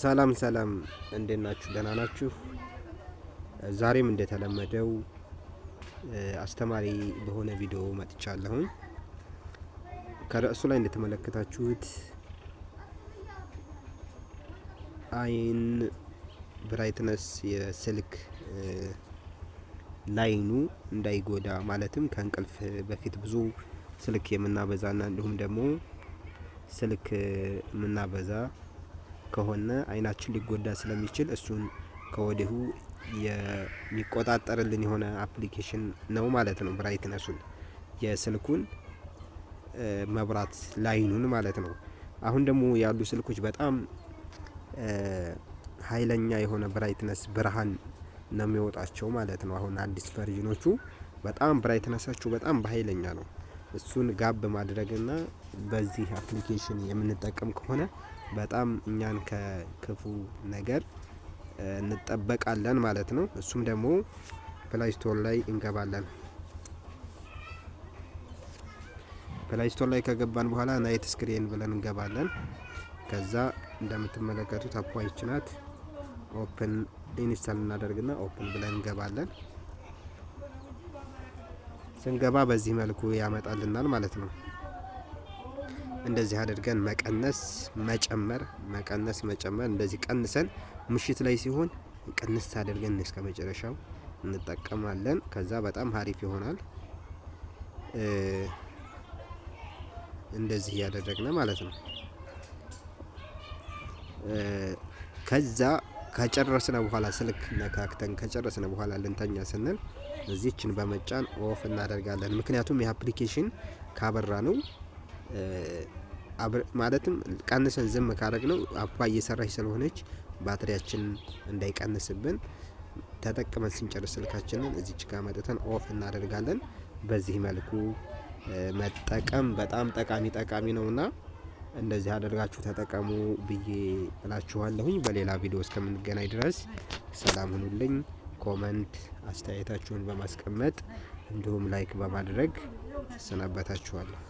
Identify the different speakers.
Speaker 1: ሰላም ሰላም እንዴት ናችሁ? ደህና ናችሁ? ዛሬም እንደተለመደው አስተማሪ በሆነ ቪዲዮ መጥቻለሁኝ። ከርዕሱ ላይ እንደተመለከታችሁት አይን ብራይትነስ የስልክ ላይኑ እንዳይጎዳ ማለትም ከእንቅልፍ በፊት ብዙ ስልክ የምናበዛና እንዲሁም ደግሞ ስልክ የምናበዛ ከሆነ አይናችን ሊጎዳ ስለሚችል እሱን ከወዲሁ የሚቆጣጠርልን የሆነ አፕሊኬሽን ነው ማለት ነው። ብራይትነሱን የስልኩን መብራት ላይኑን ማለት ነው። አሁን ደግሞ ያሉ ስልኮች በጣም ኃይለኛ የሆነ ብራይትነስ ብርሃን ነው የሚወጣቸው ማለት ነው። አሁን አዲስ ቨርዥኖቹ በጣም ብራይትነሳቸው በጣም በኃይለኛ ነው። እሱን ጋብ ማድረግና በዚህ አፕሊኬሽን የምንጠቀም ከሆነ በጣም እኛን ከክፉ ነገር እንጠበቃለን ማለት ነው። እሱም ደግሞ ፕላይ ስቶር ላይ እንገባለን። ፕላይ ስቶር ላይ ከገባን በኋላ ናይት ስክሪን ብለን እንገባለን። ከዛ እንደምትመለከቱት አፖይንች ናት። ኦፕን ኢንስታል እናደርግና ኦፕን ብለን እንገባለን። ስንገባ በዚህ መልኩ ያመጣልናል ማለት ነው። እንደዚህ አድርገን መቀነስ መጨመር መቀነስ መጨመር እንደዚህ ቀንሰን ምሽት ላይ ሲሆን ቅንስ አድርገን እስከ መጨረሻው እንጠቀማለን። ከዛ በጣም ሀሪፍ ይሆናል። እንደዚህ ያደረግነ ማለት ነው። ከዛ ከጨረስነ በኋላ ስልክ ነካክተን ከጨረስነ በኋላ ልንተኛ ስንል እዚችን በመጫን ኦፍ እናደርጋለን። ምክንያቱም የአፕሊኬሽን ካበራ ነው ማለትም ቀንሰን ዝም ካደረግ ነው አፕዋ እየሰራች ስለሆነች ባትሪያችን እንዳይቀንስብን ተጠቅመን ስንጨርስ ስልካችንን እዚች ጋር መጥተን ኦፍ እናደርጋለን። በዚህ መልኩ መጠቀም በጣም ጠቃሚ ጠቃሚ ነውና እንደዚህ አደርጋችሁ ተጠቀሙ ብዬ እላችኋለሁኝ። በሌላ ቪዲዮ እስከምንገናኝ ድረስ ሰላም ሁኑልኝ። ኮመንት አስተያየታችሁን በማስቀመጥ እንዲሁም ላይክ በማድረግ ሰናበታችኋለሁ።